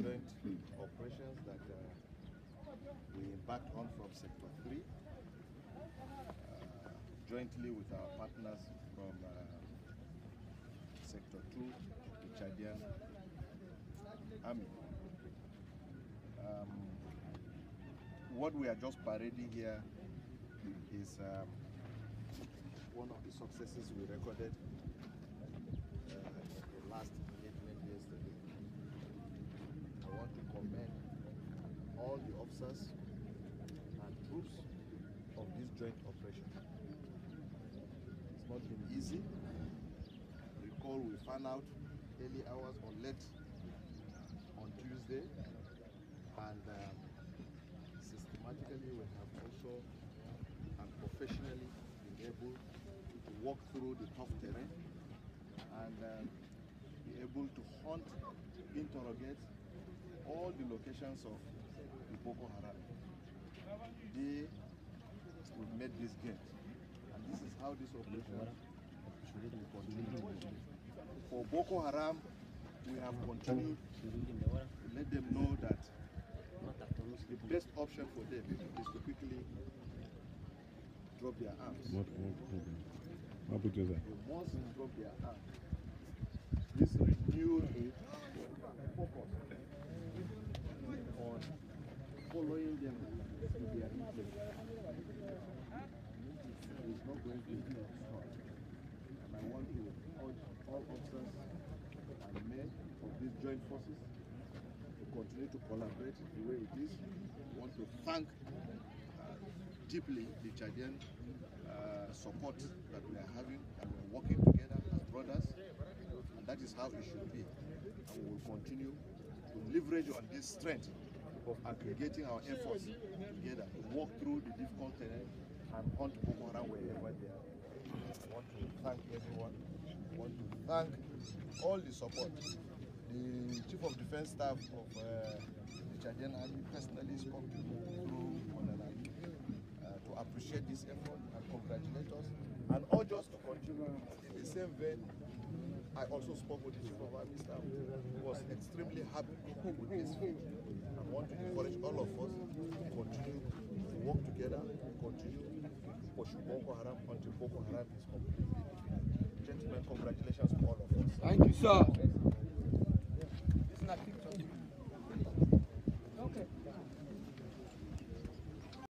joint operations that uh, we embarked on from Sector 3, uh, jointly with our partners from uh, Sector 2, the Chadian Army. Um, what we are just parading here is um, one of the successes we recorded uh, last officers and troops of this joint operation. It's not been easy. Recall we found out early hours or late on Tuesday and um, systematically we have also and professionally been able to walk through the tough terrain and um, be able to hunt, interrogate all the locations of the Boko Haram. They will make this gate. And this is how this operation For Boko Haram, we have continued to let them know that the best option for them is to quickly drop their arms. What, what, what, what, what, what, what, what, what, what, what, these joint forces to continue to collaborate the way it is. We want to thank uh, deeply the Chadian uh, support that we are having, and we are working together as brothers, and that is how it should be. And we will continue to leverage on this strength of aggregating our efforts together to walk through the difficult terrain and hunt Boko Haram wherever they are. I want to thank everyone. I want to thank all the support the Chief of Defense Staff of uh, the Chadian Army personally spoke to me uh, to appreciate this effort and congratulate us and urge us to continue in the same vein. I also spoke with the Chief of Army Staff who was extremely happy with this feat. I want to encourage all of us to continue to work together, continue to pursue Boko Haram until Boko Haram is completely Gentlemen, congratulations to all of us. Thank you, sir.